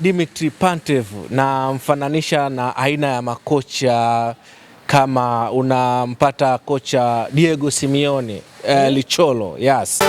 Dimitri Pantev na mfananisha na aina ya makocha kama unampata kocha Diego Simeone, eh, Licholo, yes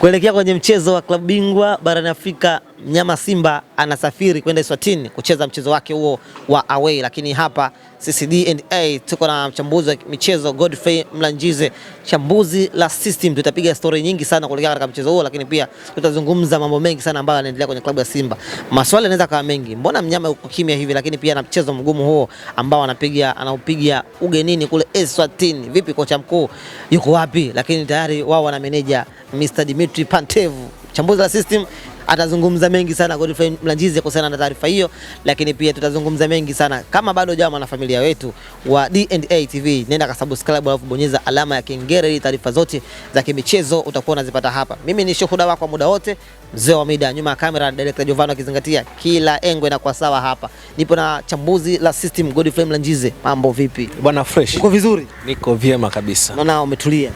Kuelekea kwenye mchezo wa klabu bingwa barani Afrika, mnyama Simba anasafiri kwenda Eswatini kucheza mchezo wake huo wa away, lakini hapa CCDA tuko na mchambuzi wa michezo Godfrey Mlanjize, chambuzi la system. Tutapiga story nyingi sana kuelekea katika mchezo huo, lakini pia tutazungumza mambo mengi sana ambayo yanaendelea kwenye klabu ya Simba. Maswali yanaweza kuwa mengi, mbona mnyama yuko kimya hivi? Lakini pia na mchezo mgumu huo ambao anapiga anaupiga ugenini kule Eswatini, vipi kocha mkuu yuko wapi? Lakini tayari wao wana meneja Mr. Dimitri Pantevu, chambuzi la system, atazungumza mengi sana Godfrey Mlanjizi kuhusiana na taarifa hiyo, lakini pia tutazungumza mengi sana. Kama bado jamaa na familia wetu wa D&A TV, nenda ka subscribe, alafu bonyeza alama ya kengele ili taarifa zote za kimichezo utakuwa unazipata hapa. Mimi ni shuhuda wako muda wote, mzee wa mida, nyuma ya kamera director Jovano akizingatia kila engwe na kwa sawa. Hapa nipo na chambuzi la system Godfrey Mlanjizi. Mambo vipi bwana, fresh? Uko vizuri? Niko vyema kabisa. Naona umetulia.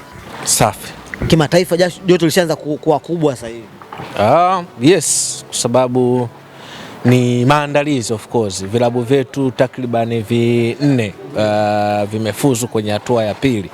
Safi kimataifa joto lishaanza kuwa kubwa sasa hivi? Ah, yes, kwa sababu ni maandalizi of course. Vilabu vyetu takribani vinne uh, vimefuzu kwenye hatua ya pili,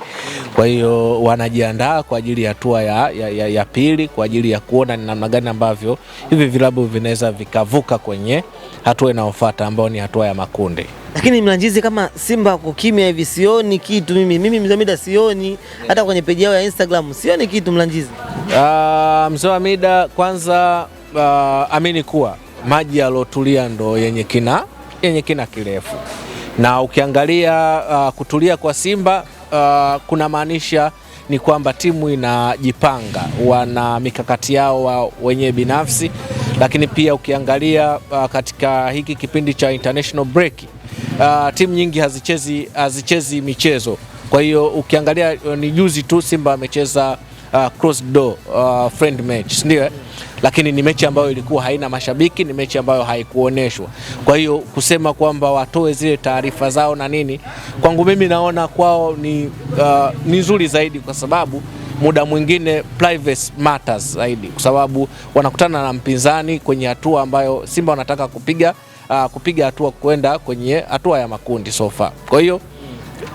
kwa hiyo wanajiandaa kwa ajili ya hatua ya, ya, ya, ya pili kwa ajili ya kuona ni namna gani ambavyo hivi vilabu vinaweza vikavuka kwenye hatua inayofuata ambayo ni hatua ya makundi. Lakini Mlanjizi, kama Simba wako kimya hivi, sioni kitu mimi mimi mzee Mida sioni hata kwenye peji yao ya Instagram sioni kitu Mlanjizi. Uh, mzee Mida kwanza, uh, amini kuwa maji yalotulia ndo yenye kina, yenye kina kirefu na ukiangalia uh, kutulia kwa Simba uh, kuna maanisha ni kwamba timu inajipanga, wana mikakati yao wenyewe binafsi, lakini pia ukiangalia uh, katika hiki kipindi cha international break uh, timu nyingi hazichezi, hazichezi michezo. Kwa hiyo ukiangalia uh, ni juzi tu Simba amecheza uh, cross door uh, friend match sindio, eh? Lakini ni mechi ambayo ilikuwa haina mashabiki, ni mechi ambayo haikuoneshwa. Kwa hiyo kusema kwamba watoe zile taarifa zao na nini, kwangu mimi naona kwao ni uh, ni nzuri zaidi kwa sababu muda mwingine privacy matters zaidi, kwa sababu wanakutana na mpinzani kwenye hatua ambayo Simba wanataka kupiga uh, kupiga hatua kwenda kwenye hatua ya makundi so far. Kwa hiyo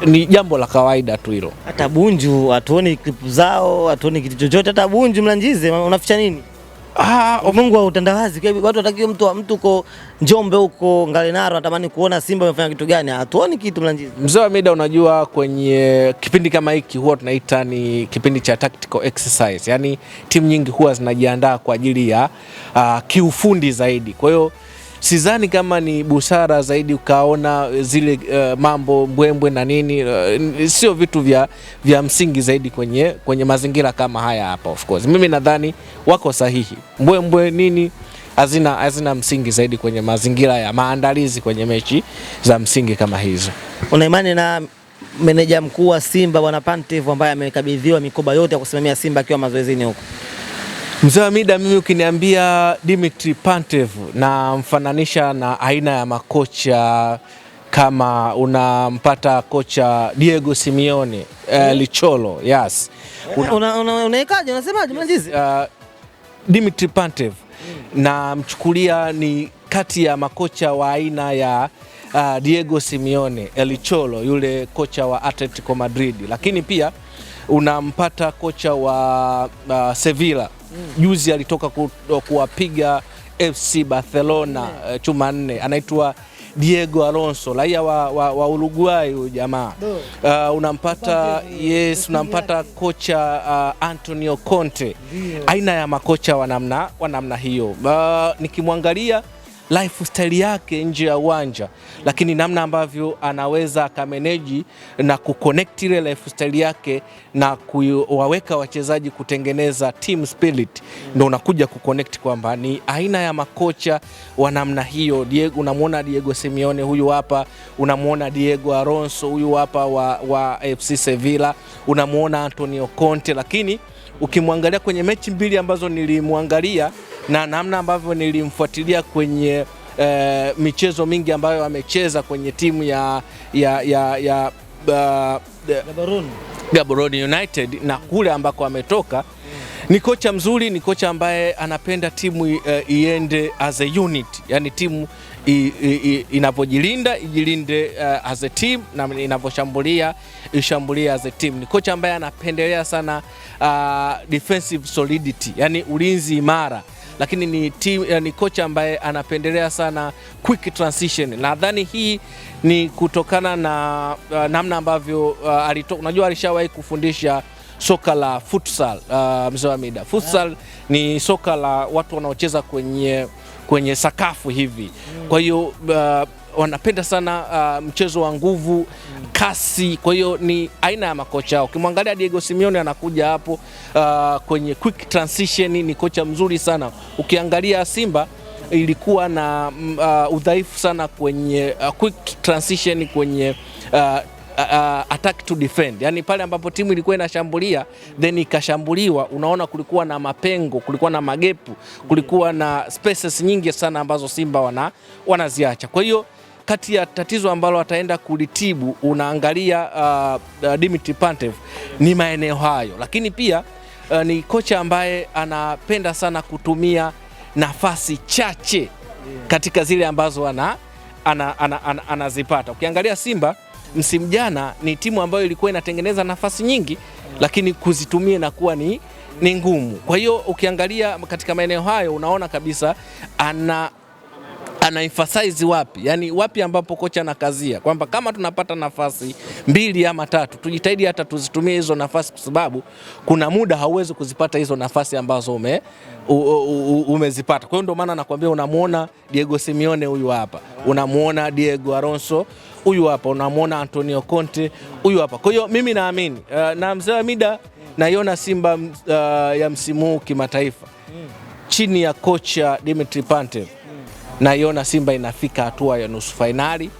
ni jambo la kawaida tu hilo. Hata Bunju hatuoni clip zao, hatuoni kitu chochote. Hata Bunju Mlanjize, unaficha nini? Ah, Mungu wa utandawazi. Watu watakiwa mtu mtu uko Njombe huko Ngalenaro anatamani kuona Simba amefanya kitu gani? Hatuoni kitu Mlanjize. Mzee wa Mida, unajua kwenye kipindi kama hiki huwa tunaita ni kipindi cha tactical exercise. Yaani timu nyingi huwa zinajiandaa kwa ajili ya uh, kiufundi zaidi. Kwa hiyo sidhani kama ni busara zaidi ukaona zile uh, mambo mbwembwe na nini uh, sio vitu vya, vya msingi zaidi kwenye, kwenye mazingira kama haya hapa. Of course mimi nadhani wako sahihi, mbwembwe nini hazina, hazina msingi zaidi kwenye mazingira ya maandalizi kwenye mechi za msingi kama hizo. Unaimani na meneja mkuu wa Simba bwana Pantev ambaye amekabidhiwa mikoba yote ya kusimamia Simba akiwa mazoezini huko? Mzee wa mida, mimi ukiniambia Dimitri Pantev namfananisha na aina ya makocha kama unampata kocha Diego Simeone uh, Licholo yes. Unaekaje? Unasemaje mwanzizi? Uh, Dimitri Pantev namchukulia ni kati ya makocha wa aina ya uh, Diego Simeone elicholo eh, yule kocha wa Atletico Madrid, lakini pia unampata kocha wa uh, Sevilla juzi alitoka ku, kuwapiga FC Barcelona yeah. Mm. chuma nne, anaitwa Diego Alonso raia wa, wa, wa Uruguay huyu jamaa uh, unampata yes, unampata kocha uh, Antonio Conte Dio. aina ya makocha wa namna hiyo uh, nikimwangalia lifestyle yake nje ya uwanja, lakini namna ambavyo anaweza akameneji na kuconnect ile lifestyle yake na kuwaweka wachezaji kutengeneza team spirit, ndio unakuja kuconnect kwamba ni aina ya makocha wa namna hiyo. Diego, unamwona Diego Simeone huyu hapa, unamwona Diego Alonso huyu hapa wa, wa FC Sevilla, unamwona Antonio Conte lakini ukimwangalia kwenye mechi mbili ambazo nilimwangalia na namna ambavyo nilimfuatilia kwenye e, michezo mingi ambayo amecheza kwenye timu ya, ya, ya, ya uh, Gaborone. Gaborone United na kule ambako ametoka ni kocha mzuri, ni kocha ambaye anapenda timu uh, iende as a unit, yani timu inavyojilinda ijilinde uh, as a team na inavyoshambulia ishambulia as a team. Ni kocha ambaye anapendelea sana uh, defensive solidity, yani ulinzi imara, lakini ni, team, uh, ni kocha ambaye anapendelea sana quick transition. Nadhani hii ni kutokana na uh, namna ambavyo uh, alitoka, unajua alishawahi kufundisha soka la futsal uh, mzee wa mida futsal yeah. Ni soka la watu wanaocheza kwenye kwenye sakafu hivi. Kwa hiyo uh, wanapenda sana uh, mchezo wa nguvu, kasi. Kwa hiyo ni aina ya makocha. Ukimwangalia Diego Simeone anakuja hapo uh, kwenye quick transition, ni kocha mzuri sana. Ukiangalia Simba ilikuwa na mm, uh, udhaifu sana kwenye uh, quick transition kwenye uh, Uh, uh, attack to defend, yani pale ambapo timu ilikuwa inashambulia then ikashambuliwa, unaona kulikuwa na mapengo, kulikuwa na magepu, kulikuwa na spaces nyingi sana ambazo Simba wana wanaziacha. Kwa hiyo kati ya tatizo ambalo ataenda kulitibu, unaangalia uh, uh, Dimitri Pantev ni maeneo hayo, lakini pia uh, ni kocha ambaye anapenda sana kutumia nafasi chache katika zile ambazo ana anazipata ana, ana, ana, ana ukiangalia Simba msimu jana ni timu ambayo ilikuwa inatengeneza nafasi nyingi, lakini kuzitumia inakuwa ni, ni ngumu. Kwa hiyo ukiangalia katika maeneo hayo unaona kabisa ana ana emphasize wapi, yani wapi ambapo kocha anakazia kwamba kama tunapata nafasi mbili ama tatu tujitahidi hata tuzitumie hizo nafasi, kwa sababu kuna muda hauwezi kuzipata hizo nafasi ambazo ume, u, u, u, umezipata. Kwa hiyo ndio maana nakwambia, unamwona Diego Simeone huyu hapa, unamwona Diego Alonso huyu hapa, unamwona Antonio Conte huyu hapa. Kwa hiyo mimi naamini uh, na mzee wa mida naiona Simba uh, ya msimu huu kimataifa chini ya kocha Dimitri Pantev naiona Simba inafika hatua ya nusu fainali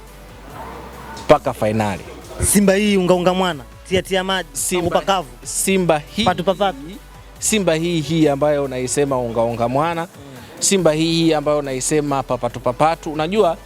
mpaka fainali. Simba hii ungaunga mwana tia tia maji Simba, kavu. Simba hii patu patu. Simba hii hii ambayo unaisema ungaunga mwana Simba hii hii ambayo unaisema papatu papatu, unajua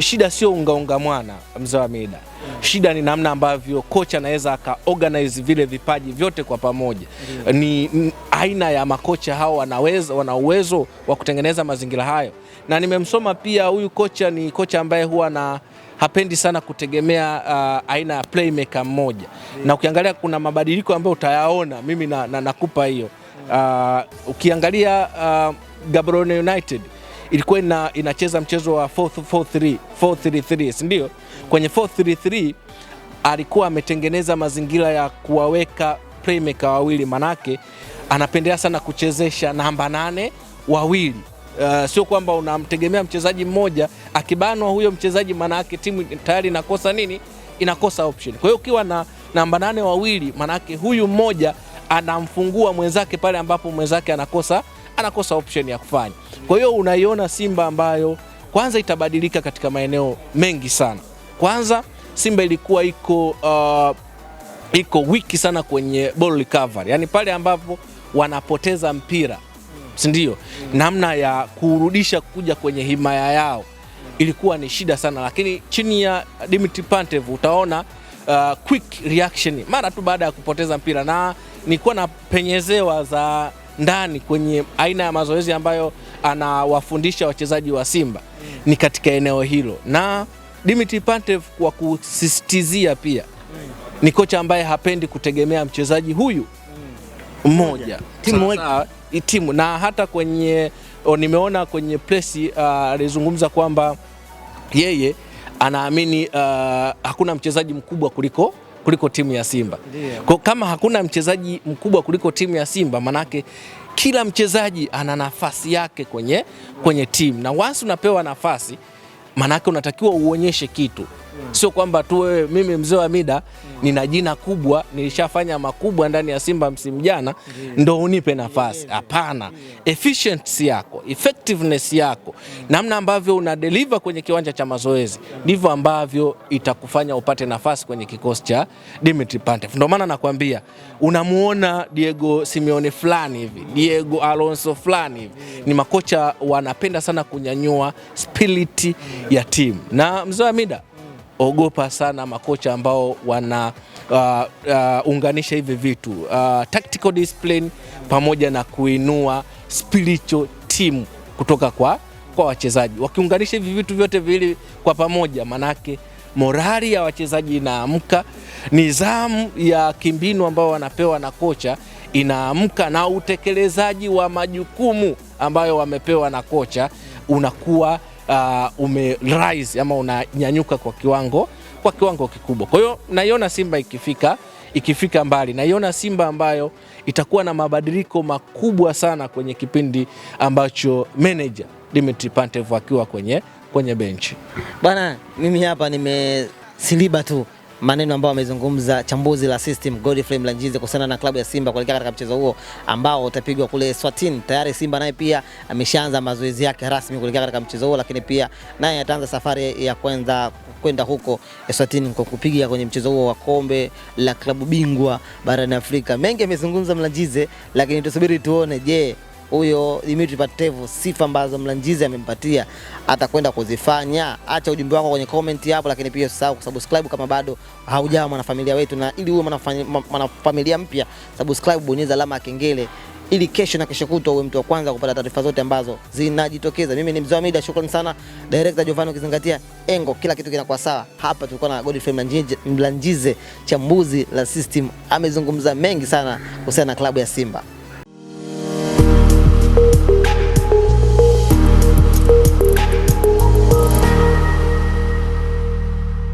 shida sio ungaunga mwana mzee wa Mida, shida ni namna ambavyo kocha anaweza aka organize vile vipaji vyote kwa pamoja. Ni aina ya makocha hao, wanaweza wana uwezo wa kutengeneza mazingira hayo, na nimemsoma pia huyu kocha. Ni kocha ambaye huwa na hapendi sana kutegemea uh, aina ya playmaker mmoja Na ukiangalia kuna mabadiliko ambayo utayaona, mimi na, na, nakupa hiyo uh, ukiangalia uh, Gaborone United ilikuwa ina, inacheza mchezo wa 4-3-3, 4-3-3, si ndio? Kwenye 4-3-3 alikuwa ametengeneza mazingira ya kuwaweka playmaker wawili, manake anapendelea sana kuchezesha namba nane wawili. Uh, sio kwamba unamtegemea mchezaji mmoja, akibanwa huyo mchezaji, manake timu tayari inakosa nini? Inakosa option. Kwa hiyo ukiwa na namba nane wawili, manake huyu mmoja anamfungua mwenzake pale ambapo mwenzake anakosa anakosa option ya kufanya. Kwa hiyo unaiona Simba ambayo kwanza itabadilika katika maeneo mengi sana. Kwanza Simba ilikuwa iko uh, iko wiki sana kwenye ball recovery, yaani pale ambapo wanapoteza mpira si ndio? Namna ya kurudisha kuja kwenye himaya yao ilikuwa ni shida sana, lakini chini ya Dimitri Pantev utaona uh, quick reaction mara tu baada ya kupoteza mpira, na nilikuwa na penyezewa za ndani kwenye aina ya mazoezi ambayo anawafundisha wachezaji wa Simba ni katika eneo hilo, na Dimitri Pantev kwa kusisitizia pia ni kocha ambaye hapendi kutegemea mchezaji huyu mmoja timu, timu na hata kwenye o, nimeona kwenye presi uh, alizungumza uh, kwamba yeye anaamini uh, hakuna mchezaji mkubwa kuliko kuliko timu ya Simba. Kwa kama hakuna mchezaji mkubwa kuliko timu ya Simba, manake kila mchezaji ana nafasi yake kwenye, kwenye timu na wasi unapewa nafasi, manake unatakiwa uonyeshe kitu. Sio kwamba tu wewe, mimi mzee wa mida nina jina kubwa, nilishafanya makubwa ndani ya Simba msimu jana ndo unipe nafasi hapana. efficiency yako effectiveness yako namna ambavyo una deliver kwenye kiwanja cha mazoezi ndivyo ambavyo itakufanya upate nafasi kwenye kikosi cha Dimitri Pantev. Ndio maana nakwambia unamuona Diego Simeone fulani hivi, Diego Alonso fulani hivi ni makocha wanapenda sana kunyanyua spiriti ya timu na mzee wa mida ogopa sana makocha ambao wana uh, uh, unganisha hivi vitu uh, tactical discipline pamoja na kuinua spiritual team kutoka kwa, kwa wachezaji. Wakiunganisha hivi vitu vyote viwili kwa pamoja, manake morali ya wachezaji inaamka, nidhamu ya kimbinu ambao wanapewa na kocha inaamka, na utekelezaji wa majukumu ambayo wamepewa na kocha unakuwa uh, ume rise ama unanyanyuka kwa kiwango, kwa kiwango kikubwa. Kwa hiyo naiona Simba ikifika ikifika mbali, naiona Simba ambayo itakuwa na mabadiliko makubwa sana kwenye kipindi ambacho manager Dimitri Pantev akiwa kwenye, kwenye benchi. Bana, mimi hapa nimesiliba tu maneno ambayo amezungumza chambuzi la system Godfrey Mlanjize kuhusiana na klabu ya Simba kuelekea katika mchezo huo ambao utapigwa kule Swatini. Tayari Simba naye pia ameshaanza mazoezi yake rasmi kuelekea katika mchezo huo, lakini pia naye ataanza safari ya kwenda kwenda huko Eswatini kwa kupiga kwenye mchezo huo wa kombe la klabu bingwa barani Afrika. Mengi amezungumza Mlanjize, lakini tusubiri tuone, je, huyo Dimitri Patevu, sifa ambazo Mlanjizi amempatia atakwenda kuzifanya. Acha ujumbe wako kwenye comment hapo, lakini pia usisahau kusubscribe kama bado haujawa mwanafamilia wetu, na ili uwe mwanafamilia mpya, subscribe, bonyeza alama ya kengele ili kesho na kesho kutwa uwe mtu wa kwanza kupata taarifa zote ambazo zinajitokeza. Mimi ni Mzee wa Media, shukrani sana director Giovanni, ukizingatia engo, kila kitu kinakuwa sawa. Hapa tulikuwa na Godfrey Mlanjize, Mlanjize chambuzi la system, amezungumza mengi sana kuhusiana na klabu ya Simba.